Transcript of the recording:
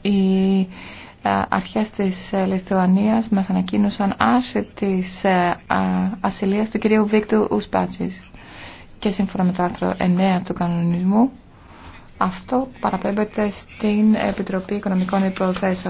Οι ε, αρχές της ε, Λιθουανίας μας ανακοίνωσαν άρση της ε, ασυλίας του κυρίου Βίκτου Ουσπάτσης και σύμφωνα με το άρθρο 9 του κανονισμού αυτό παραπέμπεται στην Επιτροπή Οικονομικών Υποθέσεων.